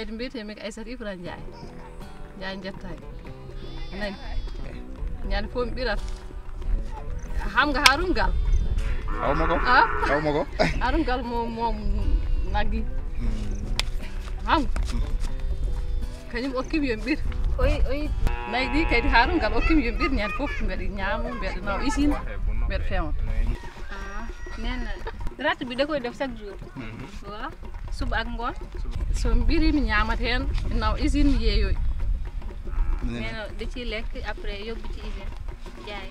kadi mbiyeteemi ya, ko aissata ibra ndiaye ndiaye jettaani nani ñande fof mi ɓirat hamga harum ngal awma ko awma eh. ko harum ngal mo mo naggi hmm. hamga kañum okkimi ya, yo mi ɓir nayi ɗi kadi harum ngal okkimi yo ya, mi ɓir ñande fof mbeɗa ñaamo mbeɗa nawa usine mbeɗa fewnta nena ratt bi da koy def chaque jour mhm. waaw suba ak ngoon so mbirimi ñaamat heen naw usine yeeyoy mais non da ciy lekk après yóbbu ci usine jaay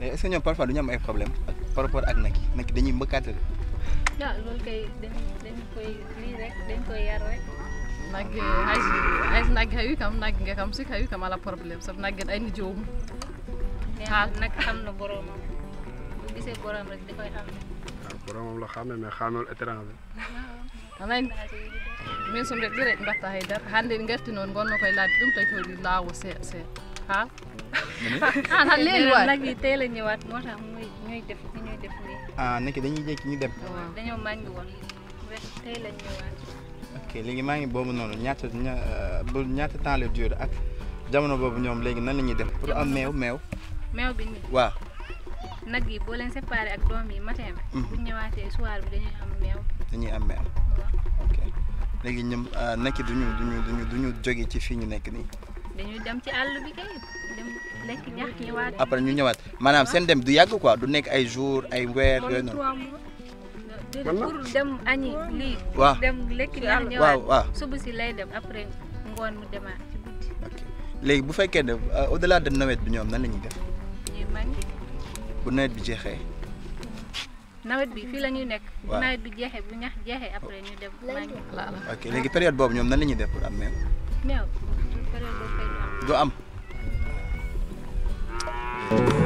mais est-ce parfois du ñu ay problème ak par rapport ak nag yi nag dañuy mbëkkaate de ah, waaw loolu kay dañ dañ koy lii rek koy yar rek nagge hay hay nagge hawi kam nagge kam sik hawi kam ala probléme sabu nagge ɗa anni joomum ha nag xam na boromam gisee borom rek da koy xam. waaw boromam la xàmme mais xàmmewul étranger. alain. min sumde ɗire mbatta haydara hannde en gartinoon gonno koye laabbi ɗum tawi koye laawo see see ha an han leeli wa nagi teela ñëwaat moo tax muy ñuy def ah, ni ñuy def ni ah nekk dañuy jékki ñu dem dañoo mangi woon teela ñëwaat ok léegi maa ngi boobu noonu ñaata bu ñaata temps la durée ak jamono boobu ñoom léegi nan la ñuy def pour am meew meew meew bi nii waaw nag yi boo leen séparé ak doom yi matin bi. Mhm. bu ñëwaatee soir bi dañuy am meew. dañuy am meew. léegi ñoom euh, nag du ñu du ñu du ñu jóge ci fii ñu nekk nii. dañuy dem ci àll bi kay dem lekk ñax ñëwaat. après ñu ñëwaat maanaam seen dem du yàgg quoi du nekk ay jour ay weer yooyu noonu. pour waaw dem si lay dem après ngoon mu demaat ci guddi. léegi bu fekkee ne euh, au delà de nawet bi ñoom nan la ñuy def. bu nawet bi jeexee. nawet bi fii la ñuy nekk. bu nawet bi jeexee bu ñax jeexee après ñu dem. ok léegi période boobu ñoom na la ñuy def pour am meew. du am.